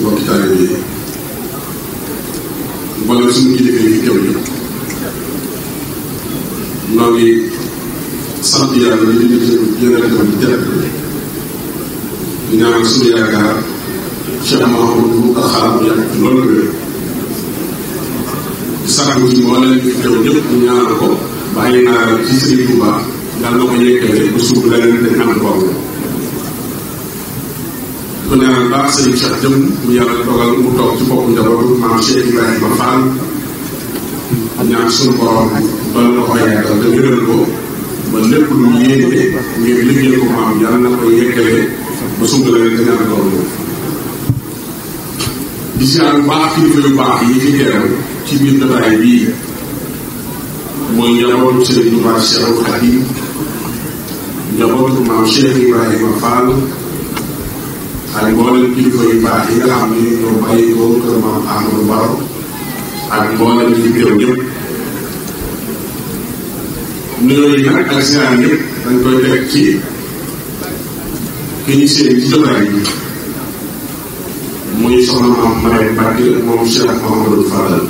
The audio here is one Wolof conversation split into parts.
mbokki taalibe yi mboolem suñu kilifa yi fi teew yi noo ngi sant yàlla ñu ngi jëlee ko di jëlee ko ñaanal suñu yaakaar Cheikh Mouhamadou Mountakha mu yàgg ci loolu wér sàkku ci mboolem fi teew ñëpp ñu ñaanal ko bàyyi naa ci Sëriñ Tuubaa yàlla na ko yeggale ba suuf leneen dañ am borom mu ne baax sëriñ Cheikh jëm mu yàlla dogal mu toog ci bopp njaboot maam Cheikh Ibrahima Fall ñaan suñu borom ba la ko ba lépp lu yéene ngir liggéey ko maam yàlla na ko yeggale ba sumbalee te ñaan loolu di siyaar bu baax kilifa yu baax yi fi teew ci biir jotaay bii mooy njabootu sëriñ Tuubaa Cheikhul Khadim njabootu maam Cheikh ak mboolem kilifa yu baax yi nga xam ne ñoo bàyyi ko kër maam Amadou Baro ak mboolem ci teew ñëpp nuyoo yi nag ak siyaar yëpp dañ koy teg ci ki ñu seen ci jotaay bi muy soxna maam Marème Mbacke moom Cheikh Mahamadou Fadal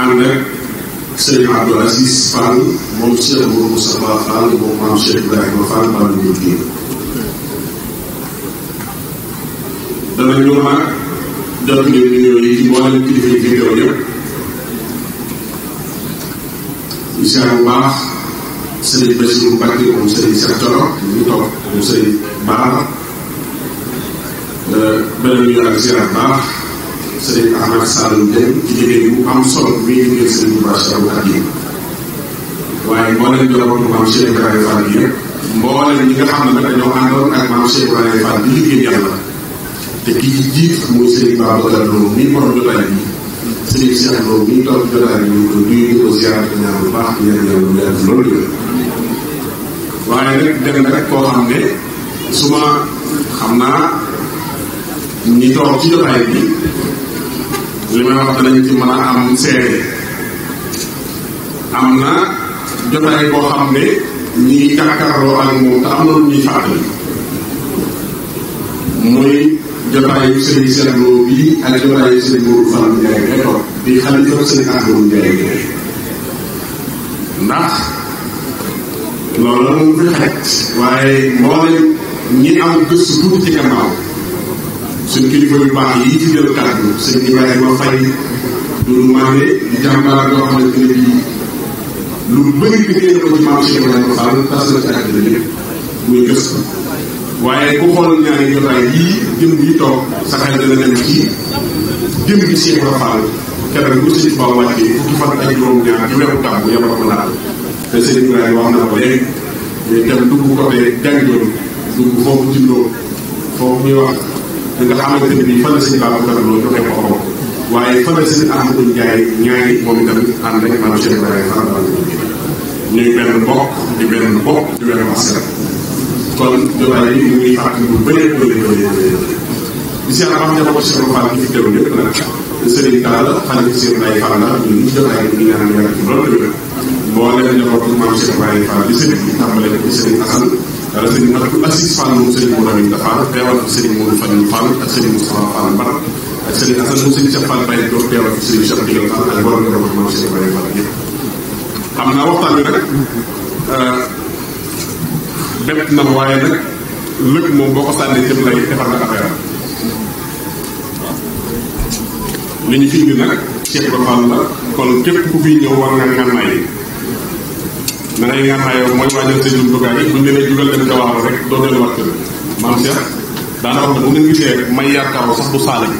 ànd ak sëriñ Abdou Aziz Fall moom Cheikh Mourou Moustapha Fall moom maam Cheikh Ibrahima Fall maam Ndiou Guèye danañu mën a jot ngeen nuyoo yi ci mboolem kilifa yi fi teew yëpp di seetlu bu baax sëriñ Bassirou Mbacké moom sëriñ Cheikh Thioro ñu toog moom sëriñ Baara euh, beneen ñu daal di seetlu baax sëriñ Ahmed Saloum Dieng ci liggéey bu am solo mi ngi liggéey sëriñ Touba Cheikhoul Khadim waaye mboolem joroon bu maam Cheikh Ibrahima Fall bi yëpp mboolem ñi nga xam ne dañoo àndoon ak maam Cheikh Ibrahima Fall bi liggéey yàlla te ki ci jiitu mooy Serigne Babacar Lo mi borom jotaay bi Serigne bi ñu loolu yëpp. na rek koo xam toog ci jotaay bi li may wax danañ ci mën a am seede am na jotaay koo xam ne ñi jàkkaarloo ak moom te am na lu ñuy fàttali muy. jotaayu sëriñ Cheikh Lo bii ak jotaayu sëriñ Modou Faram Ndiaye rek toog di xalifa sëriñ Ahmadou Ndiaye ndax loolu la moom fi xarit waaye mboolem ñi am gëstu tuuti ci gannaaw suñ kilifa yu baax yi ci jël kàddu sëñ Ibrahima Faye loolu maa ne di jàmbaar doo xamante ne bii lu bëri bi ngeen ko ci maam Cheikh Ibrahima Fall tas na ci àddina lépp muy gëstu waaye ku xool ñaari jotaay yii jëm yi toog sa xel dana dem ci jëm gi Cheikh Ibra Fall keroog bu Sëriñ Ba wàccee fukki fan ak juróom ñaar ci weeru tàmm yabal ko ndaal te Sëriñ Ibrahima wax ko léegi mais itam dugg côté jàngijoon dugg foofu jubloo foofu ñuy wax nga xamante ne bii fan la Sëriñ Babacar Lo joxe ko ko waaye fan la Sëriñ Ahmadou Ndiaye ñaari moom itam ànd ak maanaam Cheikh Ibrahima Fall ñuy benn mbokk di benn mbokk di benn askan kon jotaay bi ñu ngi fàttali bu bëree bëree bëree bëree di seet a xam ne ko Cheikh Fall ci teew lépp nag sëriñ Tall xale Cheikh Mbaye Fall la ñun jotaay bi ñu ñaan yàlla ci loolu la boo leen njabootu maam Cheikh Mbaye Fall di sëriñ bi tàmbale ko sëriñ Assane wala sëriñ Matou Assis Fall moom sëriñ Mourou Aminta Fall teewal ko sëriñ Mourou Fadil Fall ak sëriñ Moustapha Fall Mbar ak sëriñ Assane moom sëriñ Cheikh Fall Baye doon teewal ko sëriñ Cheikh Ndigal Fall ak borom njabootu maam Cheikh Mbaye Fall yëpp xam naa waxtaan bi nag euh, bett na waaye nag lëg moom boo ko sànnee jëm lay defar na affaire li ñu fi indi nag ceeb ba fàll kon képp ku fi ñëw war nga ngànnaay yi na ngay ngànnaayoo mooy waajal seen jumtukaay yi buñ ne lay jugal dem gawaaru rek doo delluwaat kër maam Cheikh daanaka ne bu ngeen gisee may yaakaaroo sax bu saale bi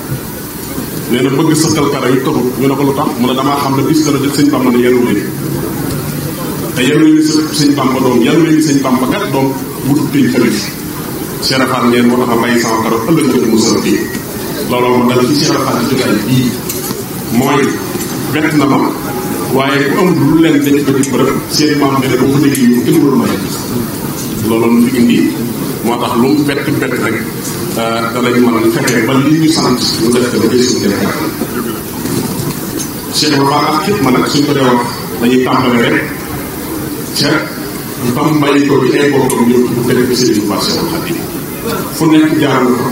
nee na bëgg sëkkal kare yi taxut ñu ne ko lu tax mu ne damaa xam ne bis dana jot sëñ Bamba ne yenu leen te yal nañu sa sëñ Bamba doom yal nañu sëñ Bamba gat doom bu tudd tamit Cheikh Rafal ngeen moo a bàyyi sama karo ëllëg ko mu sëra bii looloo na ma waaye ku ko ci bërëb seen maam bi ne boo ko déggee yu moo tax lu mu bett bett euh, a fexe ba li ñu ba gis ñu def Cheikh Rafal ak képp ma nag suñ dañuy tàmbale rek ca bam bàyyi ko bi ay bokkam ñëw bu teg ko Serigne Touba Cheikhoul Khadim fu nekk jaar na fa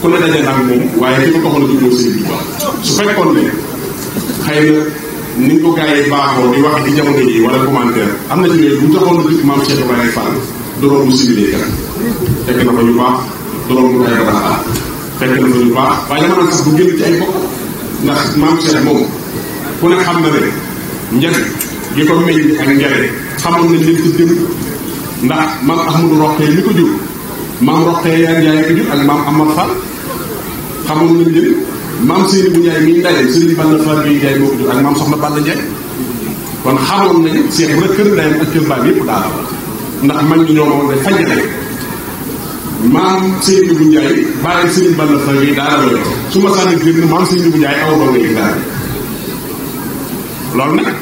ku ne daje nag moom waaye ki ko taxoon a juddoo Serigne Touba su fekkoon ne xëy na ni ko gars di a dikk maam Cheikh Ibrahima ak njëriñ xamoon nañ leen ko jëm ndax maam Ahmadou Roqee li ko jur maam Roqee yaa Njaay ko jur ak maam Amar Fall ko jur ak maam Soxna Balla Njaay xamoon nañ seet maam Sëriñ bu Njaay bàyyi Sëriñ Balla Fall bi daal su ma sànni gën maam Sëriñ bu Njaay aw ba ngay daal loolu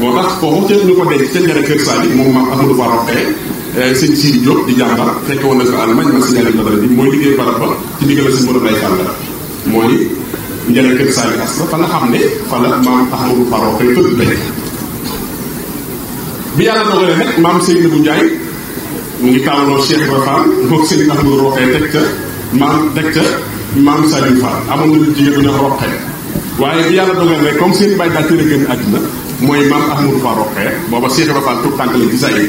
moo tax foofu kenn ñu ko denc ca ñeneen kër Saali moom maam Amadou Faram Faye sëñ Sidi di jàmbar fekke woon na ko Allemagne ma signalé dara bi mooy a maam Amadou Faram Faye tëdd bi yàlla dogalee nag maam Seydou Ndiaye mu ngi tàmbaloo Cheikh Ba Fall moog Serigne Amadou Roqee teg ca maam teg ca maam Saliou Fall amoon na lu jigéen bu ñu wax waaye bi yàlla dogalee comme seen bàyyi daal teel a génn àdduna mooy maam Ahmadou Fall Roqee booba Cheikh Ibra Fall tout tànk la ci saa yi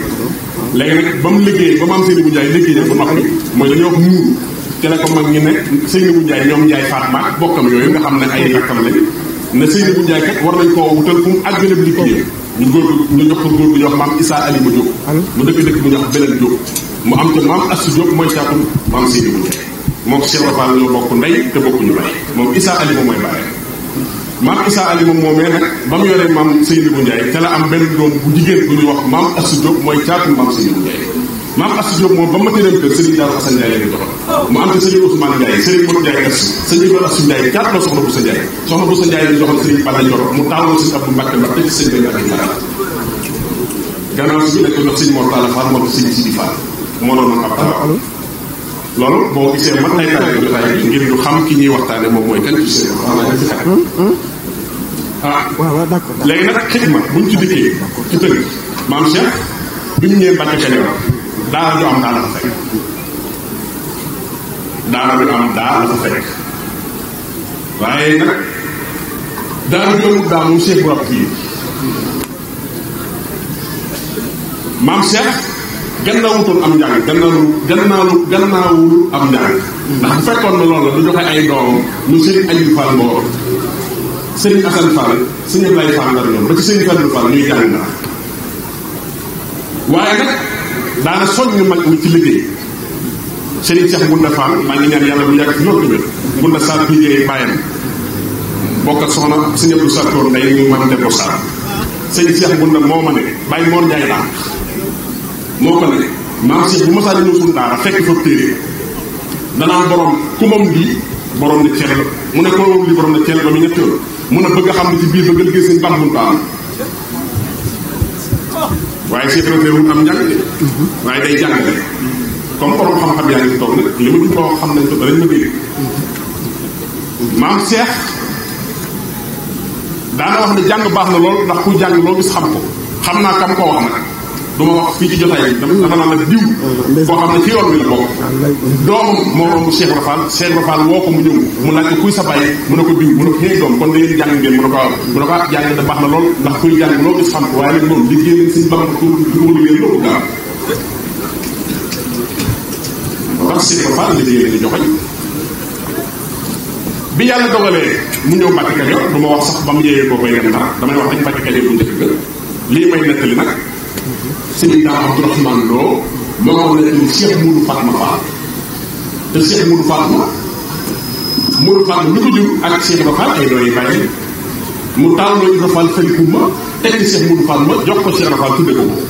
ba mu liggéey ba maam Seyni bu Njaay liggéey nag ba noppi mooy la ñuy wax muuru te la ko mag ñi ne Seyni bu Njaay ñoom Njaay Fatma ak bokkam yooyu nga xam ne ay rakkam lañ ne Seyni bu Njaay kat war nañ koo wutal fu mu àggaleb ñu góor ñu jox ko góor gu jox maam Issa Alima Diop mu dëkk dëkk mu jox beneen Diop mu am ca maam Assu Diop mooy saatum maam Seyni bu Njaay moom Cheikh Ibra Fall ñoo bokk ndey te bokkuñu baay moom Issa Alima mooy baay maam Issa Alima moomee nag ba mu yoree maam Seydou Ndiaye te la am benn doom bu jigéen bu ñu wax maam Assou Diop mooy caatu maam Seydou Ndiaye maam Assou moom ba ma tëram kër Serigne Darou Assane Ndiaye la ñu doxal sa am te Serigne Ousmane Ndiaye Serigne Modou Ndiaye Assou Serigne Modou Assou Ndiaye caat la soxna Boussa Ndiaye soxna Boussa Ndiaye lañu doxal Serigne si Abdou Mbacke Mbacke ci sëñ Bala Mbacke gannaaw si bi la ko jox Serigne ab tabax loolu boo gisee man ay taale jotaay bi ngir ñu xam ki ñuy waxtaane moom mooy kan ci seen waxtaan ah, ah. hmm, hmm. ah. ci kanam ah waaw waaw d'accord maam Cheikh bi mu ñëwee Mbàkke Kajoor daara waaye nag daara ju amul daa moom Cheikh bu rab fii maam Cheikh gannaawutoon am njàng gannaawu gannaawu am njàng ndax bu fekkoon na loolu la du joxe ay doom ñu sëriñ Aliou Fall moo sëriñ Assane Fall sëriñ Ablaye Ngunda Fall maa ngi ñaan yàlla bu yàgg ci loolu bi Ngunda Sall liggéey bàyyam bokk ak soxna sëriñ Abdou Ngunda moo ma ne bàyyi moon jaay laa moo ko ne maam Cheikh bu ma saa ñëw suñu daara fekk fa téere danaa borom ku moom lii borom ne ceeb la mu ne ko moom lii borom ne ceeb la ñetti yoon mu ne bëgg a xam ne ci biir ba nga liggéey seen baax mun baax waaye Cheikh la teewul njàng de waaye day jàng de comme borom xam-xam yaa ngi toog nag li ma duñ ko wax xam nañ ko danañ maam Cheikh daana wax ne jàng baax na lool ndax ku jàng loo gis xam ko xam naa kam koo wax nag du ma wax fii ci jotaay bi dafa naan la diw boo xam ne ci yoon bi la bokk doomam moom Cheikh Ibra Fall Cheikh Ibra Fall woo ko mu ñëw mu laaj ko kuy sa bàyyi mu ne ko diw mu ne ko xëy doom kon da ngeen jàng ne ko waaw ah, da baax na lool ndax kuy jàng loolu gis xam ko waaye nag bi yàlla dogalee mu ñëw Mbàkke Kajoor du ma wax sax ba mu yeeyee koy dem dara damay wax dañ Mbàkke Kajoor bu njëkk ga lii may nettali nag Seydina Abdourahmane Lo moom moo nekk ni Cheikh Moudou Fatma Fall te Cheikh Moudou Fatma Moudou Fatma ñu ko jur ak Cheikh Ibra Fall ay dooy bàyyi mu taal loo Ibra Fall fay kumba jox ko Cheikh Ibra Fall tudde ko moom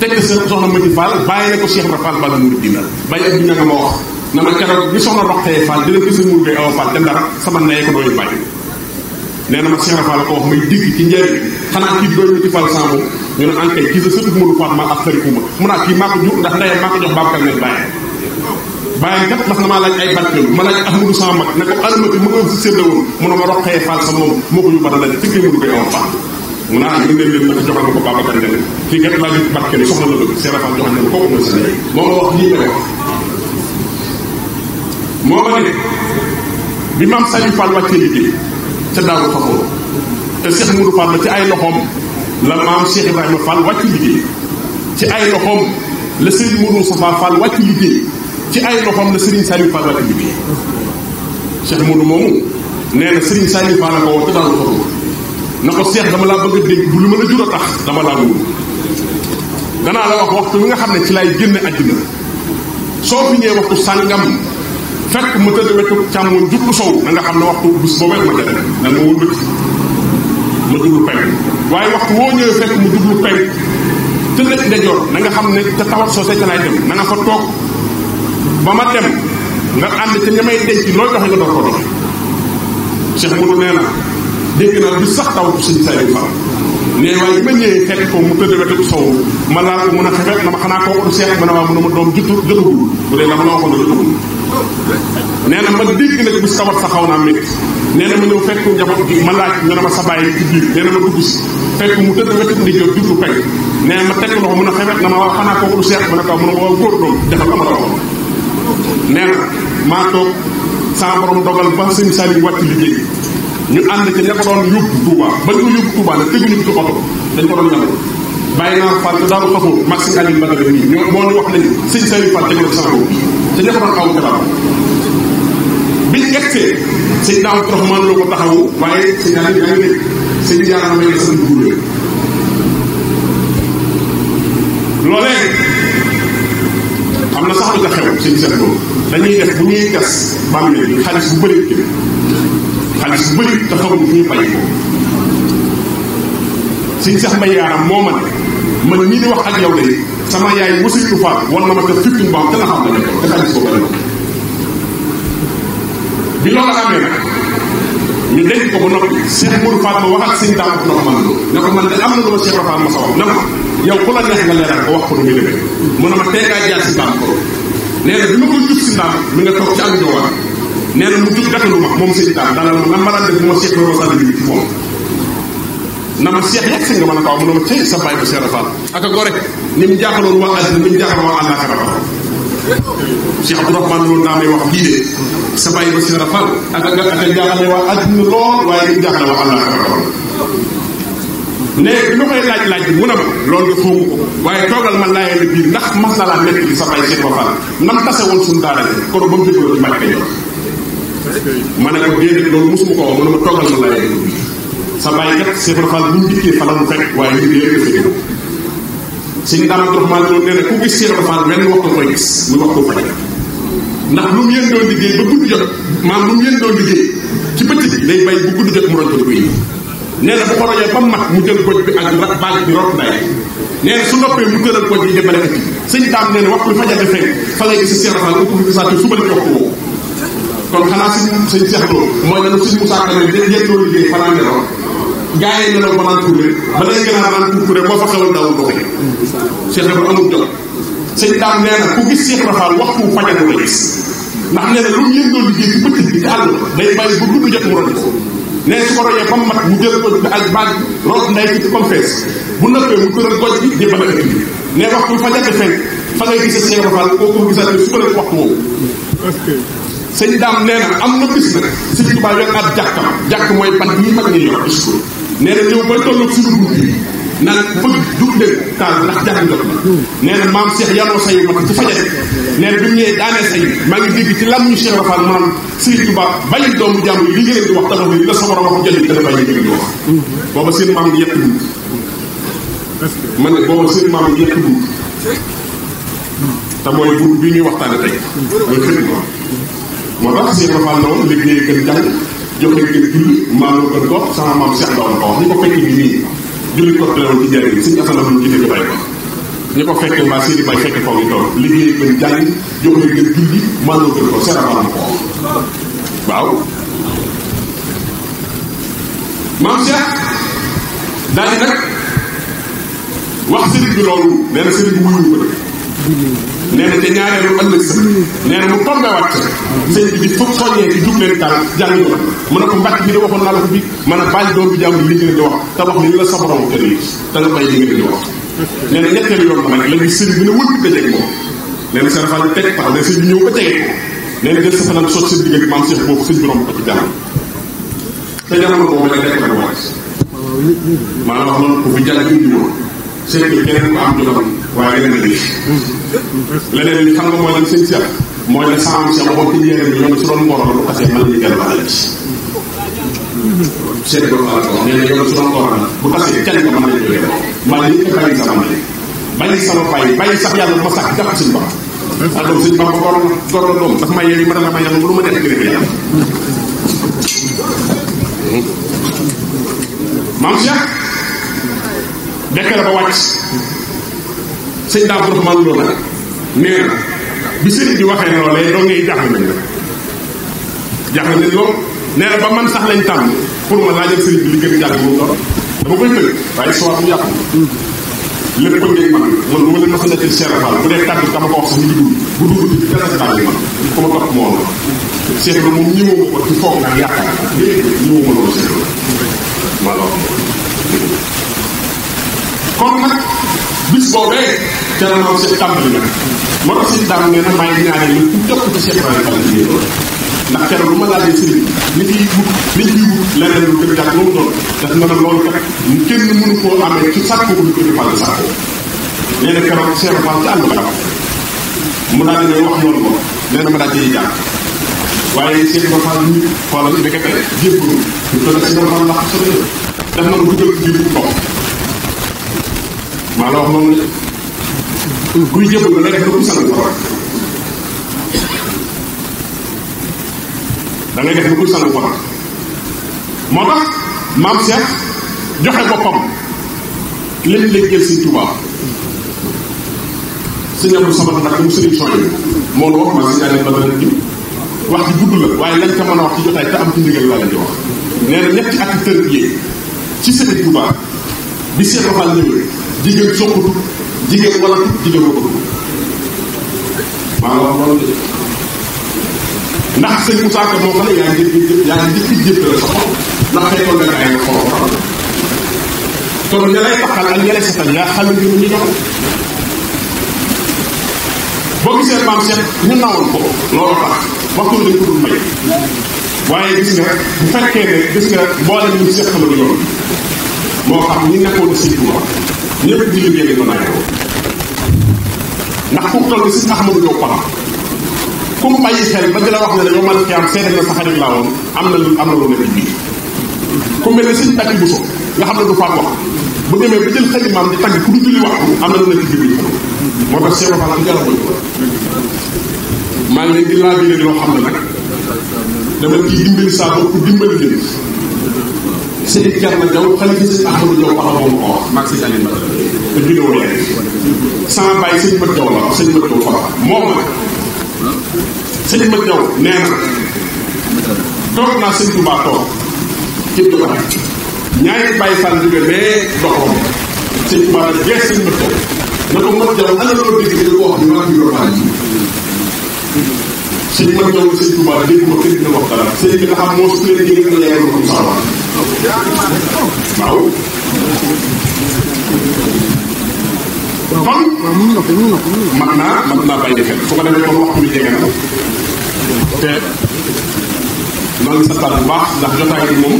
tekki Cheikh soxna Mati Fall bàyyi na ko Cheikh Ibra Fall bala dina bàyyi ak dina nga ma wax na ma keroog bi soxna roxtee Fall dina gis Moudou Gueye Awa Fall dem dara sama nee ko dooy bàyyi nee na ma Cheikh Ibra ko wax may digg ci njëriñ xanaa kii doy na ci fal sàmm ñu ne ankay kii sa sëtub Modou Faat ma ak sëriñ Kouma mu kii maa ko jur ndax tayam maa ko jox Babacar Mbaye bàyyi bàyyi kat ndax na maa laaj ay barkeem ma laaj Ahmadou sama mag ne ko almati ma ko si sédda woon ne ma roqee Faal sa moom moo ko yóbbata laaj kii Modou Faat awa Faat mu naa ñu ne leen Seera Faal joxal na ko kooku mooy sa moo ma wax lii nga wax moo ma ne bi maam Saliou Fall wàccee liggéey ca daawu faxoo te Cheikh Moudou Fall la ci ay loxoom la maam Cheikh Ibrahima Fall wàccu liggéey ci ay loxoom la Serigne Moudou Safa Fall wàccu liggéey ci ay loxoom la Serigne Saliou Fall wàccu liggéey Cheikh Moudou moomu nee na Serigne Saliou Fall la dama laa a dégg bu lu ma la jur a tax dama laa wóolu danaa la wax waxtu wi nga xam ne ci lay génne àddina soo fi ñëwee waxtu sàngam fekk mu tëdd wetu càmmoñ jukk sow da nga xam ne waxtu bis boobu ma jëlee da nga wóolu mu jublu penk waaye waxtu woo ñëwee fekk mu jublu penk te nekk dajoor na nga xam ne te tawat soo ca laay dem na nga fa toog ba ma dem nga ànd ca ñamay denc looy doxe nga door ko doxe Cheikh Moudou nee na dégg naa bi sax taw suñu saa yu faral nee waaye bi ma ñëwee fekk ko mu tëdd wetu sow ma laal ko mun a xefet na ma xanaa kooku du seet ma ne waa mu ne ma doom jotul jotagul bu dee la ma la waxoon ne nee na ma dégg nag bis sawat sa xaw naa métti nee ma ñëw fekk njaboot gi ma laaj ne ma sa bàyyi ci biir nee na ma dugg si fekk mu tëdd wetu ndi jóg jublu a xewet na ma wax xanaa kooku du seet ma ne ko mu ne ma waaw góor doom defal la ma la na maa toog sama borom dogal ba sëñ Saliou wàcc liggéey ñu ànd ci ña ko doon yóbbu Touba ba ñu ko yóbbu Touba nag teguñu ko ci oto dañ ko doon ñamal bàyyi naa Fall te daalu xafóor Maxime Aline Badara nii ñoo moo ñu wax nañu sëñ Saliou Fall tegu na te ñëpp man aw xibaar biñ egsee sëñ daaw Abdourahmane loo ko taxawu waaye sëñ daal yaa ngi nekk sëñ bi jaaraan ma nekk sëñ bi guddee loolee am na sax lu ca xew sëñ seet loolu dañuy def bu ñuy gas bàmmeel bi xaalis ko sëñ sax mbay yaaram moo man man ñii di wax ak yow sama yaay mosu ñu faat wan na ma te fukki mbaam te la xam ne ko ba noppi Cheikh Mourou Fall ma wax ak na ma na ma yow ku mu ne ma teekaa jaar si Dame ko nee na bi ma ko jub si Dame mu jub ma moom daan def na ma Cheikh yegg si nga mën a kaw mu ne ma tey sa bàyyi bu Cheikh Rafaal ak a gore ni mu jaaxaloon waa àddina ni mu jaaxaloon waa àllaaxira Cheikh Abdourahmane loolu daa may wax waa àddina lool waaye mu jaaxale waa àllaaxira laaj laaj bi mu ne loolu waaye toogal ma laajee la biir na laa nekk li sa bàyyi mu jógee ko wax mu ne ma toogal ma laajee la biir sa bàyyi kat Cheikh Rafal bu mu dikkee fa la mu fekk waaye lii dee suñu daam Abdourahmane loolu nee na ku gis Cheikh Ibra Fall benn waxtu koy gis muy waxtu fajar ndax lu mu yéen liggéey ba guddi jot maam lu mu yéen liggéey ci bëccëg bi day bay bu guddi jot mu roj ko yi nee na bu ko rojee ba mat mu jël goj bi ak baag bi rot ndaye nee su noppee mu tëral goj bi jëmale ak sëñ daam nee na waxtu fajar de fekk fa ngay gis Cheikh Ibra Fall ëpp bi saate suba la waxtu woowu kon xanaa suñ sëñ Cheikh Lo mooy lan suñ Moussa Kane yéen doon liggéey gaa yi nelaw ba naan kuré ba day gën a naan kuré boo fa xewal daawul doxee Cheikh Ibra amul jot sëñ daam nee na ku gis Cheikh Ibra Fall waxtu fajatu la gis ndax nee na lu mu yëngoo liggéey mu roñ ko ba mat mu root nday ci comme fees bu nëppee mu tëral goj bi di bana indi ne waxtu fajatu fenk fa ngay gis Cheikh Ibra Fall kooku gisaat su ko def waxtu woowu sëñ daam nee na am na bis nag sëñ Tuubaa yor ab jàkkam jàkk mooy bant yi mag ñi yor bis na ñëw ba tolloog suñu bunt bi naan bëgg dug leen taal ndax jàkk jot na nee maam ci fajar nee na bi mu maa ngi dégg ci lam ñu Cheikh Rafal maanaam sëñ Tuubaa bàyyi doomu jàmm yi li ngeen la sa war a wax jël bi dana bàyyi ngeen di wax booba seen maam yett te mooy bunt bi ñuy waxtaane tey mooy xëy moo tax Cheikh Ibra Fall woon gën jàng joxe gën julli maaloo gën gox sama maam Cheikh Ndao ko wax ñu ko fekk bi nii julli ko teewoon ci njëriñ suñu ñu ko fekkee mbaa Sidi Bay fekk foofu ñu toog gën jàng joxe gën julli maaloo gën gox sama maam ko waaw maam Cheikh daal nag wax sëriñ bi loolu nee na sëriñ bi wuyu ko nee na ca ñaareelu ëllëg sa nee na mu tombewaat sëñ bi i soññee leen daal jàng ko mu ne ko mbàcc bi da waxoon naa la a bàyyi doom bi jàmm li ngeen di wax te wax ni ñu la sa borom kër yi te nga bàyyi li ngeen di wax nee na ñetteelu yoon ba nag bi ne wëlbi dajeg moom nee na sa dafa ne teg tax ne sëñ bi ñëw ba tege ko nee na jël sa fanam sot seen diggante maam Cheikh boobu sëñ bi romb ko ci jàmm te jamono boobu nag nekk na wàcc maanaam wax noonu ko bu jàng indi woon sëñ bi keneen waaye leneen li leneen li xam nga mooy lan sëñ Cheikh mooy ne saam Cheikh waxoon ci yéen bi ñoom su doon ngoroon bu xasee mën nañu kenn baxale ci seen ko wax nee na yow su doon ngoroon bu xasee kenn ko mën nañu ko man li ko bàyyi sama ne bàyyi sama bàyyi bàyyi sax yàlla ma sax jàpp suñu bopp ak ah, doom suñu bopp gor gor la doom dafa ma yeewi ma danga ma yàlla lu ma def gën a yàlla maam Cheikh dekk la ba wàcc sëñ daa Abdourahmane Lo nag nee bi sëñ bi waxee loolee doo ngay jaaxle nañ la jaaxle nañ lool nee ba man sax lañ tàmm pour ma laajal sëñ bi li gën a jaaxle moom dama koy tënk waaye si waat bu yàqu lépp ko ngeen man man a nekk Cheikh Fall bu loolu Cheikh nag bis boobee ca la maam si tàmbali na moo tax si daam nee na maa ngi ci Cheikh ma laajee sëriñ li fiy wut li fiy wut leneen a gàtt loolu doon kenn mënu koo amee ci sàkku lu gën a fàll sàkku nee na keroog Cheikh Fall ci àll ba mu daal di wax noonu ko nee na ma daal di jàpp waaye Cheikh Ibrahima Fall ñu xoolal ndekete jéem ko ñu toll ak Cheikh Ibrahima Fall ndax sëriñ daf na ko dugal ci biir bopp maa wax moom ne kuy jëpp la nekk lu sant borom da ngay def moo tax maam Cheikh joxe boppam lépp lépp jël Sëriñ Tuubaa sëñ Abdou Samad nag mu sëriñ soñ moo la ma si daanee ba dana jub wax ci gudd la waaye lañ ko mën a wax ci jotaay te am ci ndigal la lañ di wax nee na ñetti ati tërbiye ci Sëriñ Tuubaa bi Cheikh Fall ñëwee jigéen soxutu jigéen wala maa wax loolu de ndax sëñ Moussa yaa ngi yaa ngi njëkk jëppale sa xol ndax fekkoon nga ay xolom xolom kon ña lay taxal ak ña lay setal yaa xam ne ñu ñor boo gisee maam Cheikh ñu nawoon ko loolu tax waxtu dañ ko dul may waaye gis nga bu fekkee ne gis nga mboolem ñu seqal la yoon moo xam ñi ñëpp ñu liggéey lañ ko naajoo ndax ku toll si Ahmadou ma Paxa ku mu bàyyi xel ba di la wax ne dañoo mën a am seede na laa woon am na lu a na lu nekk ci biir ku mel ne nga xam ne du faat wax bu demee ba jël xalimaam di tàgg ku du julli waxtu am na lu nekk ci biir moo tax Cheikh Fall am jarabuñ ko maa ngi leen di laaj loo xam ne nag dama ciy dimbali saa bopp dimbali leen sëñ bi Thierno Diaw xale bi sëñ Ahmadou Diaw wax moom ko wax maag sëñ Alioune te juddoo leen sama bàyyi sëñ Mat Diaw la sëñ Mat Diaw fa moom na toog naa sëñ Touba toog ci Touba ñaari bàyyi fan jóge bee doxoon sëñ Touba la jeex na ko Mat Diaw ana loo dégg ko wax ni maa ngi si li ma ñëwoon sëñ Touba la dégg ma kenn dina wax dara sëñ bi nga xam moo su leen jëlee nga yaayoo comme ça waaw. kon man naa man naa bàyyi xel su ko defee ba waxtu bi jege na te loolu sa taat bu baax ndax jotaay bi moom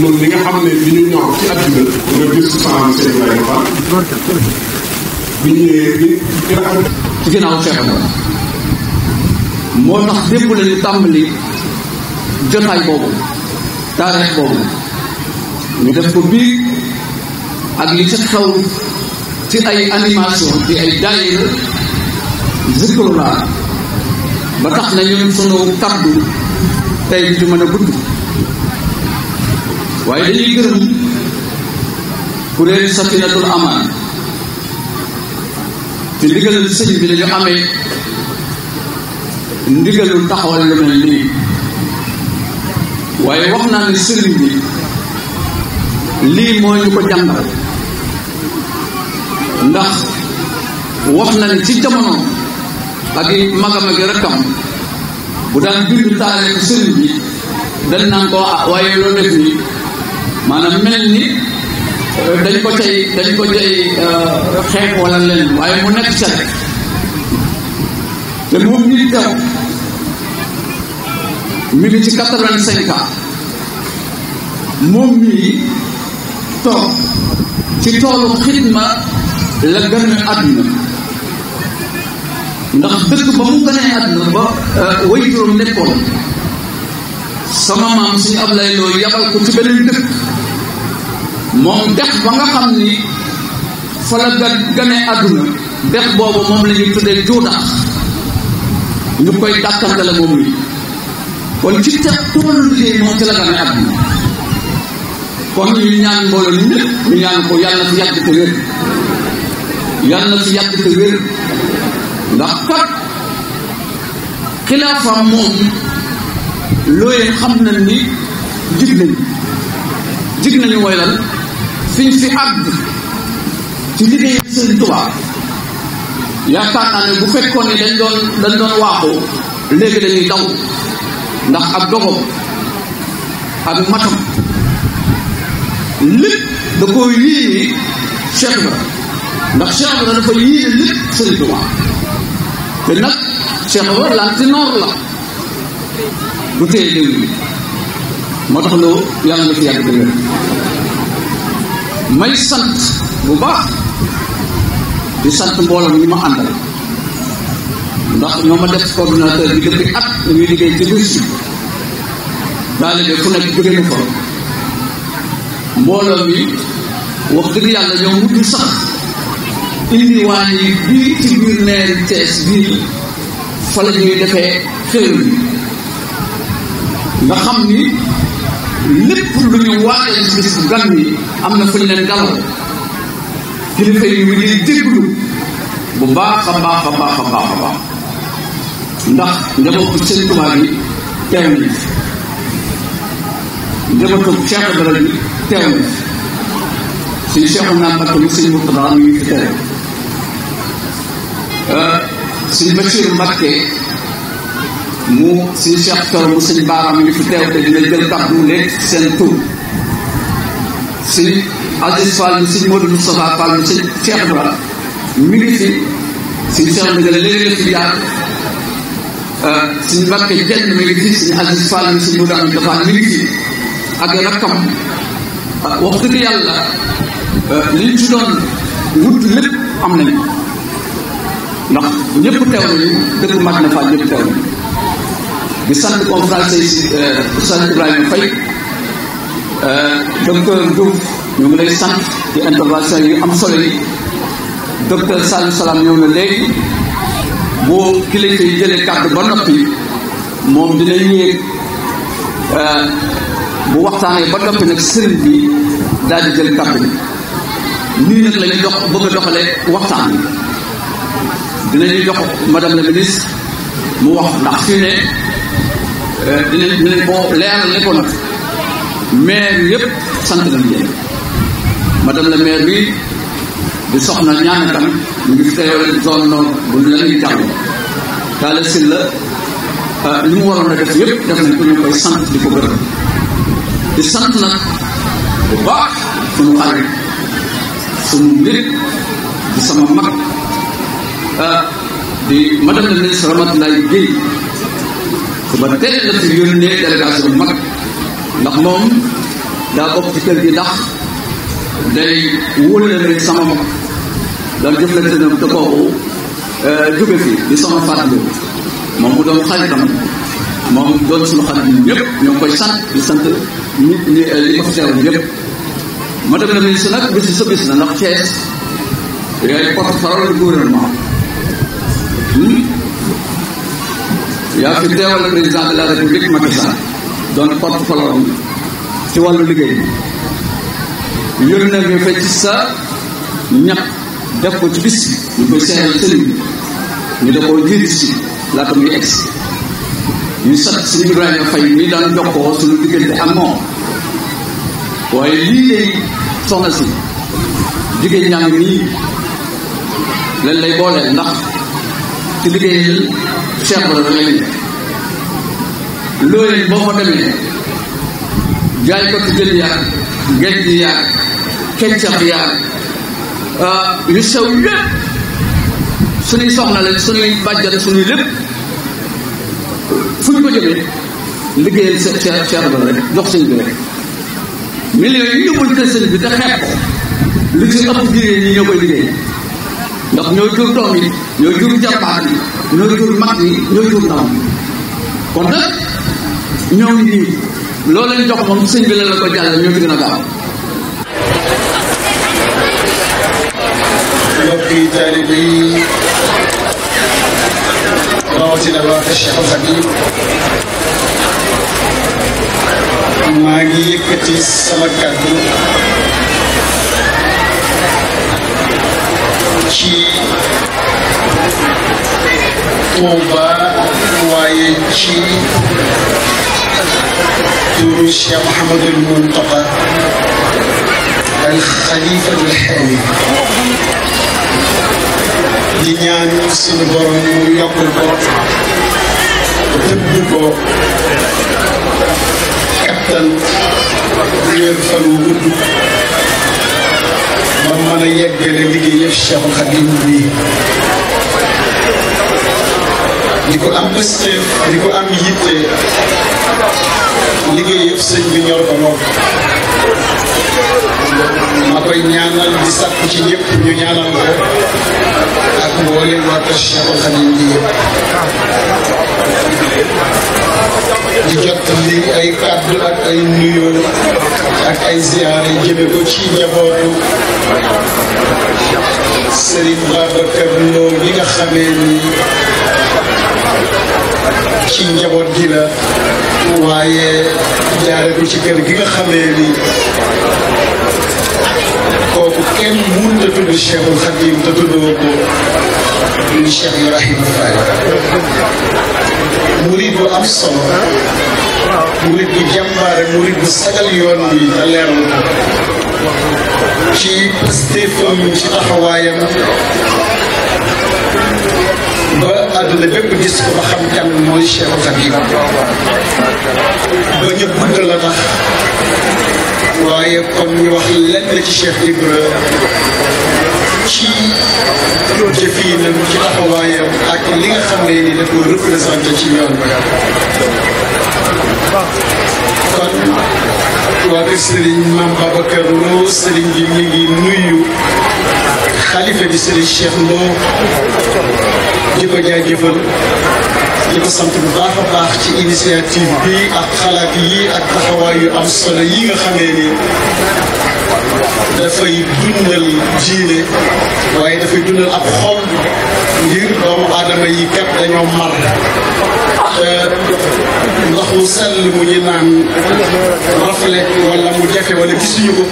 noonu li nga xam ne li ñu ñor ci àdduna nga gis saxam seen Ibrahima Fall bi ñu ñëwee bi ci ginnaaw seetlu moo tax démb la ñu tàmbali jotaay boobu taarix boobu ñu def ko biir ak li ca xew ci ay animation ci ay daayira Zikrullah ba tax na ñun sunu kàddu tey du mën a gudd waaye dañuy gërëm kuréel Safinatul Amaan ci ndigalal sëñ bi la ñu amee ndigalul taxawal lu mel nii waaye wax naa ne sëriñ bi lii moo ñu ko jàngal ndax wax na ne ci jamono ak i magam ak i rakkam bu daan bind taarixu sëriñ bi dañ naan ko ah, waaye loo def ni maanaam mel ni euh, dañ ko cay dañ ko cay euh, wala leen waaye mu nekk ca te moom nit mi ngi ci quatre-vingt-cinq ans moom mii toog ci toolu xidma la gën a àdduna ndax dëkk ba mu gënee àdduna ba euh, way juróom nekkoon sama maam suñu Ablaye Lo yabal ko ci beneen dëkk moom dex ba nga ni fa la ganee àdduna dex boobu moom la ñuy tuddee juudax ñu koy dàkkante la moom yi kon ci teg toolu liggéey mu ci la gën a àdduna kon ñu ñaan mbooloo ñu ñëpp ñu ñaan ko yàlla na fi yàgg te wér yàlla na fi yàgg te wér ndax kat xilaafam na ni jig nañu jig nañu mooy lan fiñ fi àgg ci liggéey seen tubaab yaakaar naa ne bu fekkoon ne dañ doon dañ doon waaxoo léegi ndax ak dogoom ak matam lépp da koo yéene Cheikh Ibra ndax Cheikh Ibra dafa yéene lépp Sëriñ Tuubaa te nag Cheikh Ibra lanti noor la du tee déglu bi moo tax loo yàlla nga may sant bu baax di sant mbooloo ñi ma àndal ndax ñoo ma def coordinateur bi depuis at dañuy liggéey ci biir si daale de fu nekk jóge mi wax dëgg yàlla ñoo mujj sax indi waa yi bii ci biir neeri Cees bii fa la ñuy defee xéer bi nga xam ni lépp lu ñu waajal ci bis bu gan am na fu ñu leen dalal yi ñu ngi déglu bu baax a baax a ndax njabootu sëñ Tuubaa bi teew na njabootu Cheikh Ibra bi teew na suñu Cheikh naa Mbacke mu sëñ Murtada mi ngi fi teew euh, suñu Bachir Mbacke mu suñu Cheikh Thioro mu sëñ Baara mi ngi fi teew te dina jël kàddu léegi seen tur suñu Aziz Fall mi sëñ Modou Moustapha Fall mi sëñ Cheikh Ibra mi ngi fi suñu Cheikh Ndigal léegi la fi jaar Euh, suñu Mbàkke jenn mi ngi ci suñu Aziz Fall mi suñu Mudaam dafa mi ngi ci ak rakkam wax dëgg yàlla euh, liñ ci doon wut lépp am nañu ndax ñëpp teew nañu dëkk mat na fa ñëpp teew nañu di sant conférence euh, Oustaz Ibrahima Faye docteur Diouf ñu ngi lay sant ci intervention yu am solo yi docteur Saliou Salam ñëw na léegi boo kilifa yi jëlee kàddu ba noppi moom dina yéeg euh, bu waxtaanee ba noppi nag sëriñ bi daal di jël kàddu bi nii nag la dox bëgg a doxalee waxtaan bi dinañu jox madame la ministre mu wax ndax fii ne euh, dinañ dinañ ko leeral yëpp sant nañ leen madame la maire bi di soxna ñaanatam ñu ngi teewal sonn bu ñu leen di tàmm daal si la ah, li mu waroon a def yëpp def nañ ko ñu koy sant di ko gërëm di sant nag bu baax suñu xarit suñu nit di sama mag ah, di madame la ministre Ramatoulaye Guèye su ba la fi yónnee délégation bu mag ndax moom daa bokk ci kër gi ndax day wóolale sama mag doon jëflante ñoom te kooku euh, jóge fi di soxna Fatou moom mu doon xaritam moom doon suñu xarit ñun ñëpp ñoo ngi koy euh, la ministre nag bis sa bis na ndax Thiès yaay porte-parole du gouvernement hmm? yaa fi teewal président de la république Macky Sall doon porte-parole ci wàllu liggéey bi sa def ko ci bis ñu koy seeral sëriñ bi ñu def ko ngir si laata muy egg si ñu sat suñu Ibrahima Faye nii daan jokkoo suñu diggante ak moom waaye lii lay soxna si jigéen ñaa ngi nii leen lay boole ndax ci liggéey Cheikh Bara lañu loolu boo fa demee jaay ko ci jën yaag géej gi yaag keccaf yu euh, sew lépp suñuy soxna la suñuy bàjjale suñuy lépp fu ñu ko jógee liggéeyal sa ca ca ba rek jox sëñ bi rek millions yi ñëwul kër sëñ bi te xeeb ko li ci ëpp jigéen ñi ñoo koy liggéey ndax ñoo jur yi ñoo jur jàmbaar yi ñoo jur mag yi ñoo jur ndaw jox moom sëñ la la ko jàll ñoo ci gën a gaaw mbokki taalibe yi rawatina waa kër Cheikhul Khadim maa ngi yëkkati sama kàddu ci Touba waaye ci turu Cheikh Mouhamadul Mountakha al Khalifatul Hamid di ñaan suñu borom mu yokkul ko dëbb ko kattan wér fan wu gudd ba mën a yeggale liggéey yëf Cheikhul Khadim bii di ko am pësteef di ko am yitte liggéey yëpp ko moom ma koy ñaanal di sàkku ci ñëpp ñu ñaanal ko ak mboolem waa kër Cheikhul Khadim bi di jot li ay kàddu ak ay nuyoo ak ay ziyaare jëme ko ci njabootu Serigne Babacar Lo li nga xamee ni ci njaboot gi la waaye jaare ko ci kër gi nga xamee ni kooku kenn mun na tudd Cheikhul Khadim te tuddoo ko muy Cheikh Ibrahima Fall murid bu am solo murid bu jàmbaare murid bu sagal yoon bi te leeral ko ci pastéefam ci taxawaayam àdduna bépp gis ko ba xam kan mooy Cheikhul Khadim ba ñëpp bëgg la tax waaye kon ñu wax lenn ci Cheikh Ibra ci jëfinam ci taxawaayam ak li nga xam ne ni da ko représenté ci yoon bi kon waa kër Serigne Mame Babacar Lo Serigne bi mi ngi nuyu xalifa bi Serigne Cheikh Ndour di ko jaajëfal di ko sant bu baax a baax ci initiative bi ak xalaat yi ak taxawaay yi nga xamee dafay dundal diine ab xol ngir doomu aadama yi képp dañoo mar rafle wala mu jafe wala gisuñu ko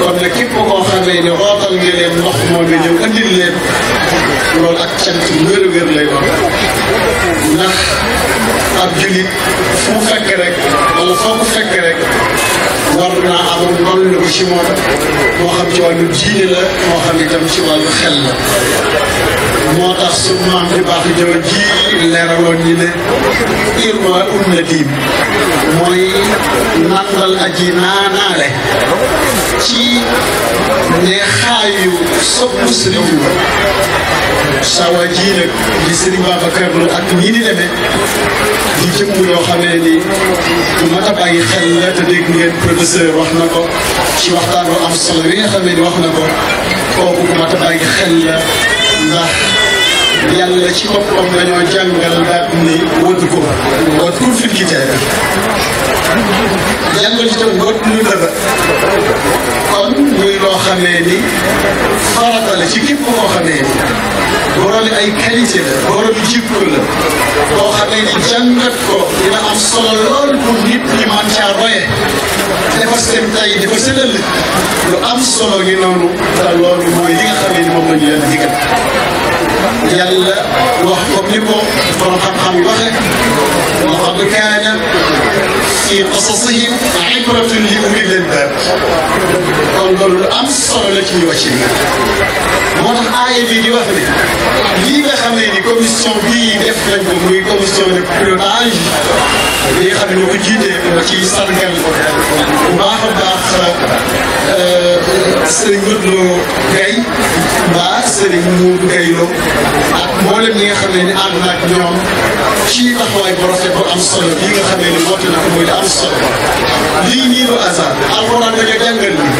kon nag képp koo xamee ne rootal nga leen ndox moom yi ñëw andil leen loolu ak cant wér a wér lay doon ab julit fu fekk wala foo ko fekk rek war ci moom moo xam ci wàllu diine la moo xam itam ci wàllu xel la moo tax su maam di baax joo ji leeraloon ñi ne sëriñ sawa ji nag di sëriñ Babacar Lo ak ni demee di xamee ni du mat a bàyyi xel la te ngeen professeur wax na ko ci waxtaan bu am solo wi nga xam ne ni wax na ko kooku ku mat a bàyyi xel la ndax yàlla ci boppam dañoo jàngal daal ni wëdd ko wëdd ko fil kitaab jàngal ci tam wëdd lu dara kon muy loo xamee ni farata la ci képp koo xamee ni borom ay qualité la borom jikko la boo xamee ni jàngat ko dina am solo lool pour nit ñi man caa roye defar seen tay defar seen ëllëg lu am solo ngi noonu te loolu mooy li nga xamee moom la ñu leen digal yàlla wax comme ni ko xam-xam yi waxe laqad kaana fi qasasihim ibratun li ulil albab kon loolu lu am solo la ci ñu wàcc bi moo tax aaya bi wax ne lii nga xam ne ni commission bii def nañ ko muy commission de pilotage li nga xam ne ñu ko jiitee ci sargal bu baax a baax euh, sëriñ Modou Lo Gueye mbaa sëriñ Modou Gueye Lo ak mboolem ñi nga xam ne ni ànd na ak ñoom ci taxawaay bu rafet bu am solo bii nga xam ne ni woote na ko muy am solo lii nii du hasard alxuraan da nga jàngal ni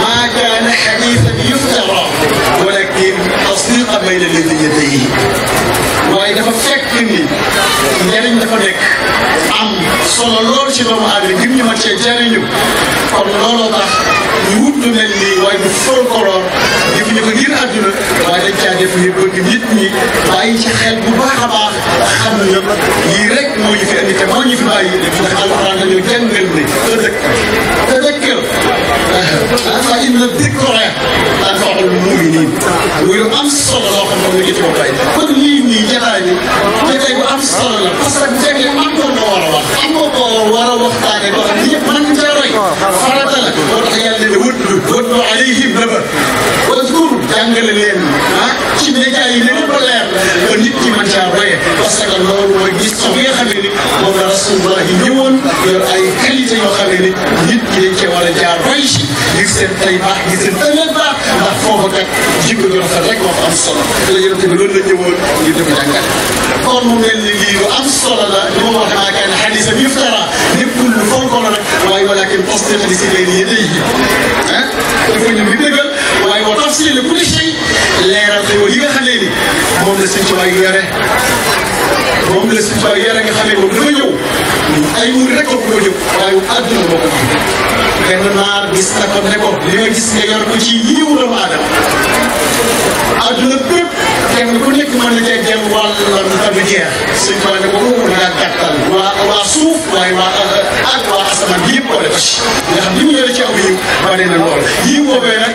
maa kaana hadiisan yuftara may leen yëngu yëngu yi waaye dafa fekk ni njëriñ dafa nekk am solo lool ci doomu aadama ngir ñu mën cee jëriñu kon looloo tax ñu wut lu mel nii waaye du folklore def ñu ko ngir àdduna waaye dañ caa def ngir bëgg nit ñi bàyyi ci xel bu baax a baax xam ne yii rek moo ñu fi indi te moo ñu fi bàyyi ndax alxuraan dañoo jàngal ni ëllëg ëllëg dafa indil dikkoore anfaxul muminin muy lu am solo loo xam ne mi ngi ci boppay kon lii nii jataay bi jataay bu am solo la parce que bu fekkee am nga ko war a wax am nga ko war a waxtaane boo xam ne ñëpp mën nañ cee roy farata la moo tax yàlla ne wëtlu wëtlu alayhim naba waskur jàngale leen ah ci média yi ne ba nit ñi mën caa roye parce que loolu mooy gis ci bi nga xam ne ni moom la rasulullah yi ñëwoon yor ay qualité yoo xam ne ni nit ñi dañ cee war a jaar roy ci ngir seen tey baax ngir seen ëllëg baax ndax foofu kat jikko ju rafet rek moo fa am solo la yonent bi loolu la ñëwoon ngir di ko jàngale kon mu mel ni moom la Sëriñ Tuubaa yare moom la Sëriñ Tuubaa yare nga xam ne moom dama ñëw ay wur rek ko ko jóg waaye àdduna moo ko benn naar gis na ko ne ko li nga gis nga yor ko ci yiwu doomu aadama àdduna bépp kenn ku nekk mën na cee jël wàllam tamit jeex Sëriñ Tuubaa ne ko moom laa gàttal waa waa suuf waaye waa ak waa asamaan bi yëpp boole ko ci nga xam li mu yore ci aw yiw bari na lool yiw boobee nag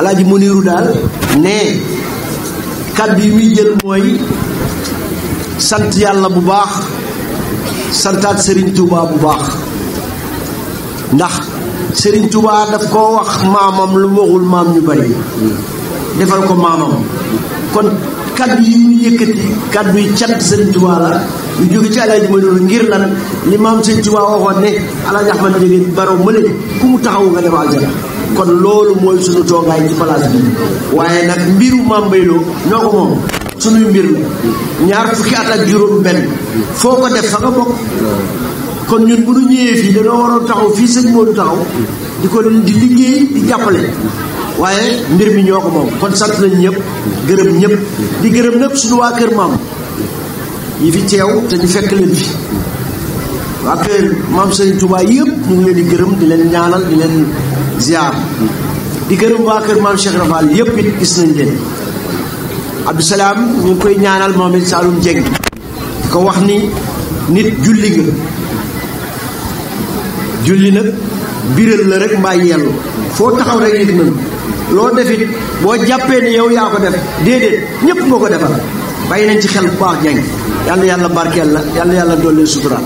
mu Muniru daal ne kàddu yi muy jël mooy sant yàlla bu baax santaat sëriñ Touba bu baax ndax Serigne Touba daf koo wax maamam lu waxul maam ñu bari defal ko maamam kon kaddu yi ñu yëkkati kaddu yi cat Serigne Touba la yu jóge ci alaaji Muniru ngir lan li maam Serigne Touba waxoon ne alaaji Ahmad jóge baro mëne ku mu taxawu nga dem aljana kon loolu mooy suñu toogaay ci place bi waaye nag mbiru Mame Mbaye Lo ñoo ko moom suñuy mbir la ñaar fukki at ak juróom benn foo ko def fa nga bokk kon ñun bu ñu ñëwee fii dañoo waroon taxaw fii sëñ Modou taxaw di ko di liggéey di jàppale waaye mbir mi ñoo ko moom kon sant nañ ñëpp gërëm ñëpp di gërëm ñëpp suñu waa kër maam yi fi teew te ñu fekk leen fi waa kër maam Sëriñ Touba yëpp ñu ngi leen di gërëm di leen ñaanal di leen ziar di gërëm waa kër maam Cheikh Rafal it gis nañ leen Abdou Salaam ñu koy ñaanal moom it Saloum Dieng di ko wax ni nit julli nga julli nag biral la rek mbaa yellu foo taxaw rek yëg nañ loo defit boo jàppee ni yow yaa ko def déedéet ñépp moo ko defal bàyyi nañ ci xel bu baax jàng yàlla yàlla barkeel la yàlla yàlla dolli sutura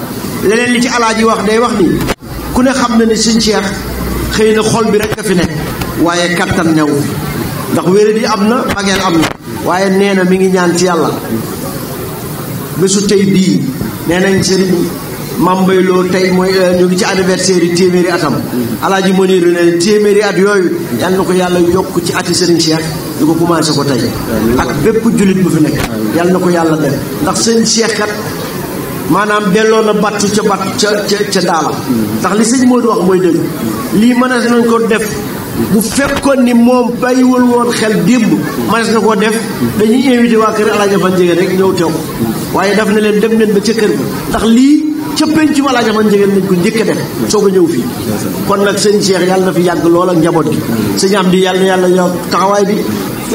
leneen li ci alaaji wax day wax ni ku ne xam na ni sëñ Cheikh xëy na xol bi rek a fi nekk waaye kàttan new ndax wéré di am na bageel am na waaye nee na mi ngi ñaan ci yàlla bésu tey bii nee nañ sëriñ mambay loo tey mooy euh, ñu ngi ci anniversaire yi téeméeri atam alaaji mëniru ne téeméeri at yooyu yal na ko yàlla yokk ci ati sëriñ Cheikh ñu ko commencé ko tey ak bépp jullit bu fi nekk yal na ko yàlla def ndax sëriñ Cheikh kat maanaam delloo na batt ca batt ca ca ca daal ndax li sëñ Modou wax mooy dëgg lii mënees nañ ko def bu fekkoon ni moom bàyyiwul woon xel démb mënees na koo def dañuy invité waa kër Alaaji Fan Jigéen rek ñëw teew waaye daf na leen dem leen ba ca kër ba ndax lii ca penc ma laa jaman nañ ko njëkk a def soo ko ñëw fii kon nag sëñ Cheikh yàlla na fi yàgg lool ak njaboot gi sëñaam di yàlla yàlla yow taxawaay bi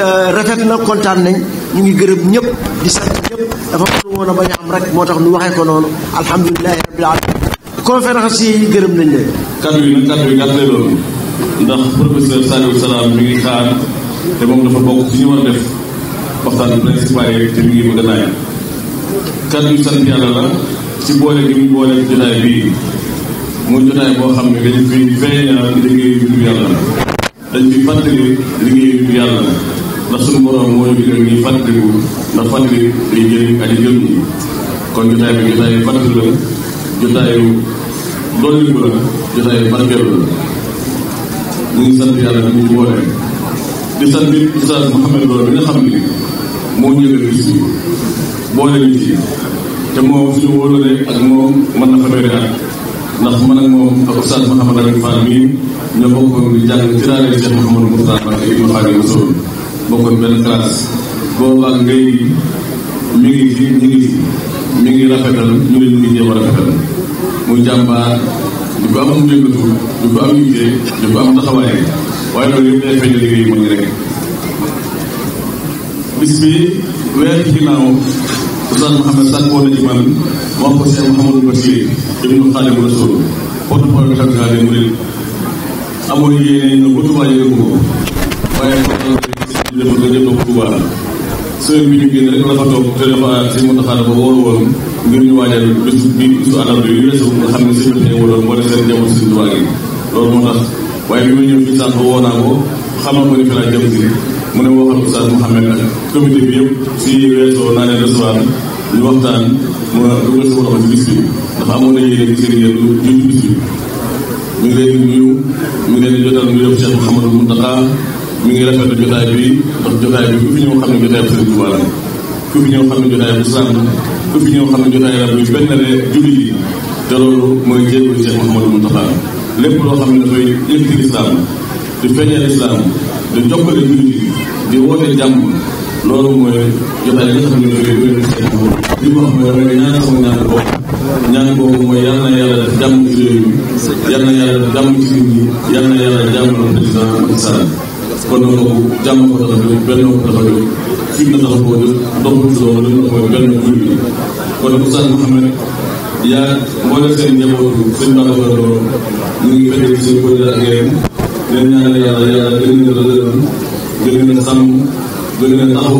euh, rafet na kontaan nañ ñu ngi gërëm ñëpp di sant ñëpp dafa mënu woon a bañ a am rek moo tax nu waxee ko noonu alhamdulilahi rabbil alamin conférencier yi gërëm nañ leen kaddu yi nag kaddu yi gàtt loolu ndax professeur Saliou Salam mi ngi xaar te moom dafa bokk ci ñu war def waxtaan principal yi te mi ngi bëgg a naaj kaddu yu sant yàlla la ci boole gi mu boole jotaay bii muy jotaay boo xam ne dañ fi feeñal liggéey yu yàlla dañ fi fàttali liggéey yu yàlla ndax suñu borom moo ñu digal ñuy fàttaliku ndax fàttali day njëriñ jël ñi kon jotaay bi jotaayu fàttali la jotaayu dolliku la jotaayu barkeelu la ñu ngi sant yàlla ñu ci boole di sant Oustaz Mouhamed Lo bi nga xam ni moo njëkk a gis boole ñu ci te moom suñu wóolale ak moom man na xamee ak ndax man ak moom ak Oustaz Mouhamed Lamine Fall mii ñoo bokkoon di jàng ci daara Cheikh Mouhamadou Moustapha ak Ibn Khadim Rasoul bokkoon benn classe boobu ak ngay mi ngi fi mi ngi fi mi ngi rafetal ñu jàmbaar di ko am yëngatu di ko am liggéey di ko am taxawaay waaye loolu yëpp day feeñ ngi rek bis bi weer ci ginnaaw Oustaz Mouhamed sàkkoo na ci man wax ko Cheikh Mouhamadou Bachir ibnu Xaadimu Rasuul porte-parole bi mu ne amoon yéene na ko tubaab yëngu ko waaye demal ko jëm na ko ñu génn rek dafa toog te dafa si Mountakha dafa wóor woon ngir ñu yu weesu nga xam ne sëñ bi dañu waroon moo seen njaboot suñu Touba gi loolu moo bi ma ñëw fii sànq a naa ko xamal ko ni fi laa jëm mu ne waxal waxtaan ma dugal sama seen yéen lu jëm ci bis bi ñu ngi leen mu ngi rafetlu jotaay bi ndax jotaay bi ku fi ñëw xam ne jotaay bu Sëriñ Tuubaa la ku fi ñëw xam ne jotaay bu sànn ne jotaay yi te loolu mooy jéegul Cheikh Mouhamadou Moustapha lépp loo xam ne dafay yëkkati lislaam di feeñal lislaam di jokkale julli yi di woote jàmm loolu mooy jotaay yi nga xam ne dafay wér Cheikh Mouhamadou li ma wax mooy rek ñaan sama ñaan boobu ñaan boobu mooy yal na yàlla def jàmm ci réew mi yal na yàlla def jàmm nit ñi yal na yàlla jàmm président Macky Sall kon nag boobu jàmm ko a jóg benn ko tax a jóg fii na tax a koo jóg ndoxu loolu li nga xam ne benn jur gi kon nag Oustaz Mouhamed yaa mboolem seen njabootu seen baax a ñu ngi fekk seen kóllëre ak yéen leen ñaanal yàlla yàlla gën leen a dëgëral gën leen a sàmm gën leen a taxaw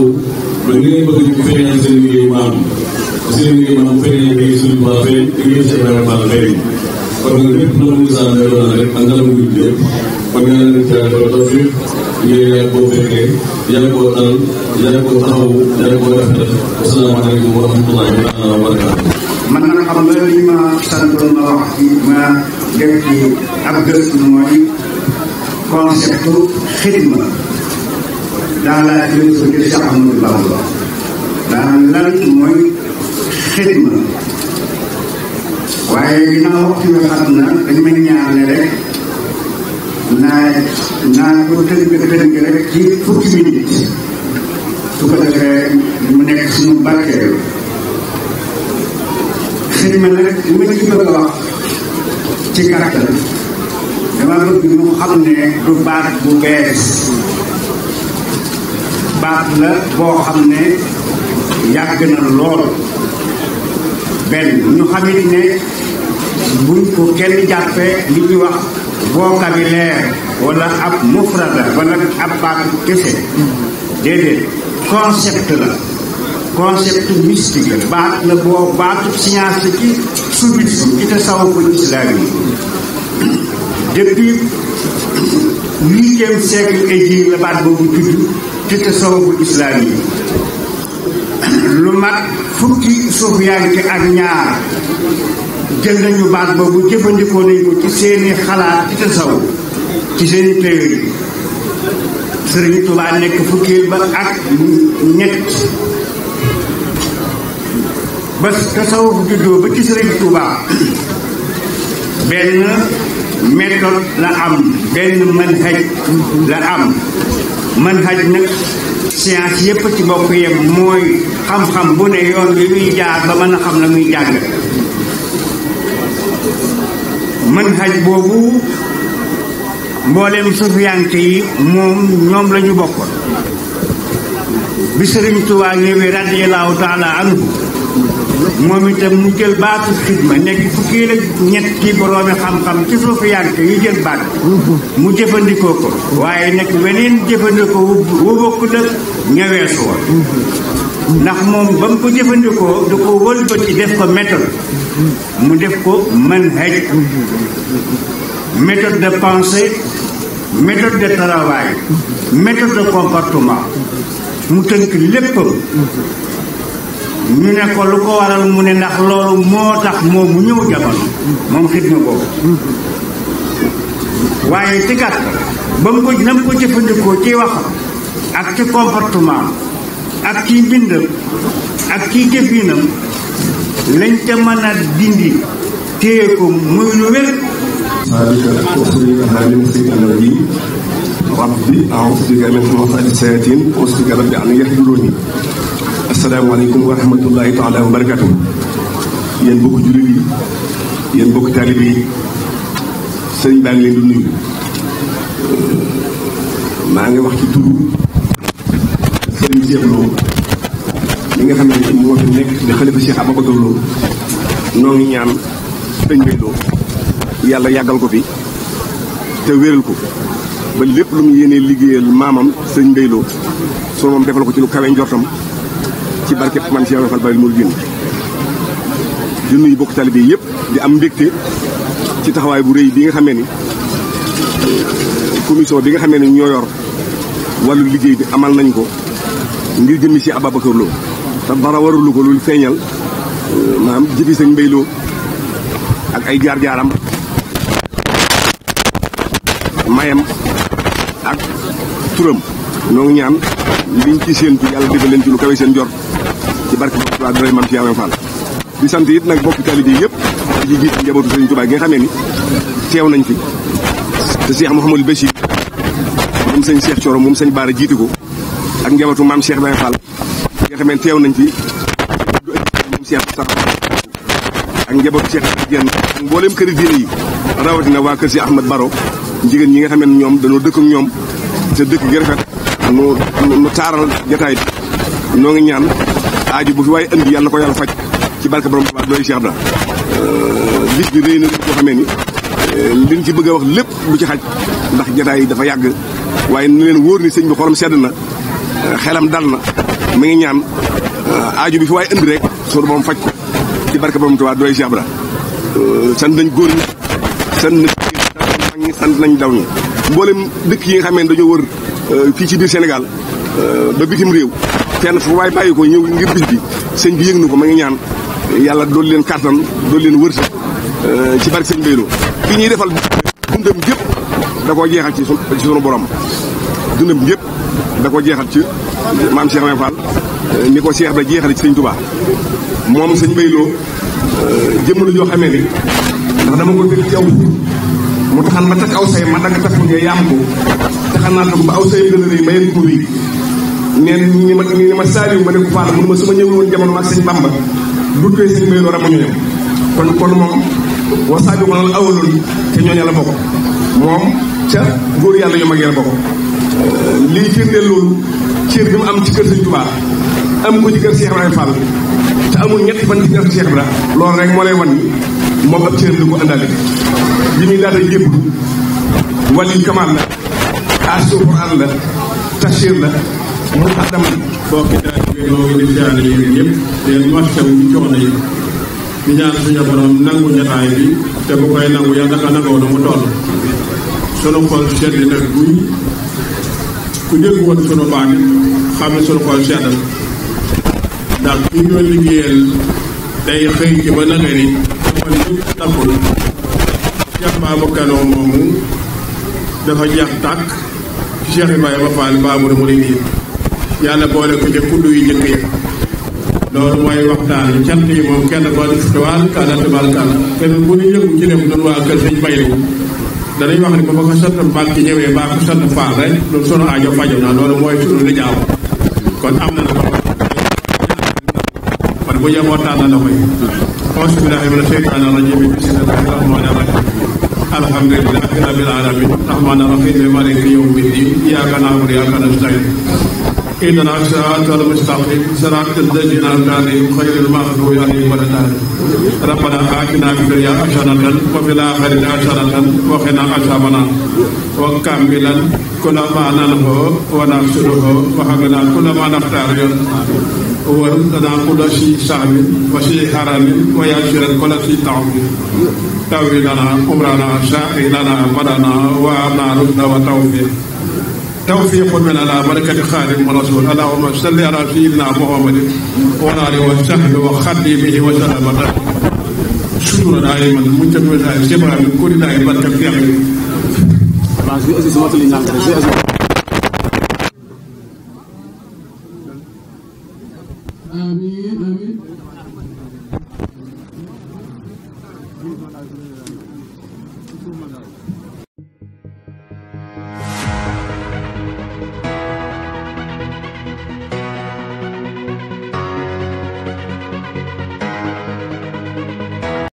ba ni ngeen bëgg ñu feeñal seen liggéey maam seen liggéey maam feeñal liggéey suñu baax feeñ liggéey seen baax baax feeñ kon mu sàmm rek ak nga la mu kon nga leen ngir weer boo fekkee yal na koo dal yal na koo taxawu yal na koo rafetal asalaamaaleykum wa rahmatullahi wa barakaatu. man nag xam nga li ma santoon ma wax ci ma def ci ab gëstu mooy concept xidma dans la philosophie de Cheikh Ahmadou Bamba daan lan mooy xidma waaye ginnaaw waxtu bi xam na dañ ma ñaanale rek. naa naa ko tënk tënk rek ci fukki minute su ko defee mu nekk suñu barkeel xëy na nag li ma ci bëgg a wax ci gàttal dama bëgg ñu xam ne du baat bu bees baat la boo xam ne yàgg na lool benn ñu xamit ne buñ ko kenn jàppee li ñuy wax vocabulaire wala ab mufrada wala ab baatu kese déedéet concept la concept mystique la baat la boo baatu science la ci subitu ci tasawuful islaam yi depuis huitième siècle hégire baat boobu judd ci tasawuful islaam yi lu mat fukki suufiyaanke ak ñaar jël nañu baat boobu jëfandikoo nañ ko ci seeni xalaat ci tasaw ci seeni théorie Sëriñ Tuubaa nekk fukkeel ba ak ñett ba tasawuf juddoo ba ci Sëriñ Tuubaa benn méthode la am benn manhaj la am manhaj nag science yépp ci bokk yem mooy xam-xam bu ne yoon wi muy jaar ba mën a xam la muy jàng mën xaj boobu mboolem sufiyanke yi moom ñoom la bokkoon bi sëriñ Tuubaa ñëwee radiyallaahu taala moom itam mu jël baatu xidma nekk fukki la ñett ci boroomi xam-xam ci sufiyanke yi jël baat mu jëfandikoo ko waaye nag weneen jëfandikoo wu bokk dëkk ñëweesu woon ndax moom ba mu ko jëfandikoo du ko wëlbati def ko méthode mu def ko manhaj méthode de pensée méthode de travail méthode de comportement mu tënk léppam ñu ne ko lu ko waral mu ne ndax loolu moo tax moom mu ñëw jamono moom xidma boobu waaye ci ba mu ko na mu ko jëfandikoo ci wax ak ci comportement ak ci mbindam ak ci jëfinam lañ ca mën a dindi téye ko muy lu wér ذلك أخرج هذه المسجد النبي ربي أعوذ بك من همزات الشياطين وأصدق ربي أن يحضروني asalaamaaleykum wa rahmatullahi taala wa barakatu yéen bokk jullit yi yéen bokk taalib yi sëriñ baa maa ngi wax ci turu Diop nga xam ne moo fi nekk di xalifa Cheikh Ababacar Lo noo ngi ñaan sëñ Mbaye yàlla yàggal ko fi te wéral ko ba lépp lu mu yéenee liggéeyal maamam sëñ Mbaye Lo su moom defal ko ci lu kawe njortam ci barkeb man Cheikh Fall Baye Mourou Dine di nuyu bokk taalibe yi yëpp di am mbégte ci taxawaay bu réy bi nga xamee ni commission bi nga xamee ni ñoo yor wàllu liggéey bi amal nañ ko ngir jëmmi si Ababacar Lo te dara ko lu feeñal euh, maanaam jëfi sëñ Mbay ak ay jaar-jaaram mayam ak turam ñoo ngi ñaan liñ ci séentu yàlla déggal leen ci lu kawe seen jor ci barke bi Tuubaa doy maam ci yàlla Fall di sant it nag bokk taalibe yëpp di jiit njabootu Sëriñ Tuubaa gi nga xamee ni teew nañ fi te Cheikh Mouhamadou Bachir moom sëñ Cheikh Thioro moom sañ Baara jiite ko ak njabootu maam Cheikh Ibrahima Fall nga xam ne teew nañ ci moom Cheikh Moustapha ak njabootu Cheikh Diène ak mboolem këri diine yi rawatina waa kër si Baro jigéen ñi nga xam ne ñoom dañoo dëkk ak ñoom te dëkk gi rafet nu taaral jataay ngi ñaan aaju bu fi indi yàlla ko yàlla faj ci barke borom Tuubaa doy Cheikh da euh, bis bi na koo ni euh, liñ ci bëgg a wax lépp du ci xaj ndax jataay yi dafa yàgg waaye nu leen wóor ni sëñ bi xolam sedd na xelam dal na mi ngi ñaan euh, aaju bi fi waaye indi rek suñu moom faj ko ci barke ba mu tubaab doy si abra euh, sant nañ góor ñi sant nañ mag ñi sant nañ daw ñi mboolem dëkk yi nga xamee ne dañoo wër euh, fii ci biir Sénégal ba bitim réew fenn fu waaye bàyyi ko ñëw ngir bis bi sëñ bi yëg na ko ma ngi ñaan yàlla doolu leen kàttan dool leen wërsëg ci barke sëñ Béyloo fii ñuy defal dundam gépp da koo jeexal ci sunu borom dundam gépp da ko jeexal ci maam Cheikh Ibra eh, ni ko Cheikh la jeexale ci sëñ Touba moom sëñ Bayloo eh, jëmm la joo xamee ni ndax dama ko dégg ci aw mu taxan ma takk aw say ma danga takk nga a rëy ma yëg ko ma ni ma ma ne ko Fall mun ma su ma ñëwul woon jamono ak sëñ Bamba duggee sëñ Bayloo rek ma ñu kon kon moom wasaabi ko nal awaloon te ñooña la bokk moom ca góor yàlla yu mag yi la bokk lii firndeel loolu cër bi mu am ci kër Sëñ Tuubaa am ko ci kër Cheikh Ibrahima Fall te amul ñett fan ci kër Cheikh Ibra loolu rek moo lay wan ni moom ab cër li ko àndaale li muy di jébbalu wali la aasoo Quraan la tafsir la mu addam bokki daal di noo ngi di jaane yéen ñëpp leen martawu ñu coono yi di ñaan suñu borom nangu jataay bi te bu koy nangu yàlla naka nangoo na mu toll sunu xol sedd nag guy ku dégg woon sunu baat xam ne sunu xol sedd ndax ki ñoo liggéeyal day xëy ci ba naka ni kon ñëpp takkul Cheikh Baba Kano moomu dafa jeex tàkk ci Cheikh Ibrahima yàlla boole ko ca kuddu yu njëkk yi loolu mooy waxtaan cant yi moom kenn ba tubaal kàlla tubaal kàlla kenn bu ñu yëngu ci lépp noonu waa kër sañ baylu danañ wax ne ba ko sant Mbàkke ci ñëwee mbaa ko sant Faal rek loolu sunu aajo fajo na loolu mooy sunu li jaaw kon am na ko kon bu yemoo tànn la koy auzu billaahi mina sheytaani rajiim bismillaahi rahmaani rahiim alhamdulillaahi rabbil aalamiin rahmaani rahiim maaliki yawmi ddiin iyyaaka na'budu wa iyyaaka nasta'iin اهدنا صراط المستقيم صراط الذين انعمت عليهم غير المغضوب عليهم ولا الضالين ربنا اتنا في الدنيا حسنه وفي الاخره حسنه وقنا عذاب النار وكملا كل ما نلهو ونفسره وحملا كل ما نختار وردنا كل شيء صعب وشيء حرام ويسر كل شيء تعب تاوي لنا امرنا شاقي لنا بدنا وعنا رشد وتوفيق توفيق من على بركة خادم الرسول اللهم صل على سيدنا محمد وعلى وسهل وخلي به وسلم شكرا دائما منتقل سبعا من كل دائما بركة في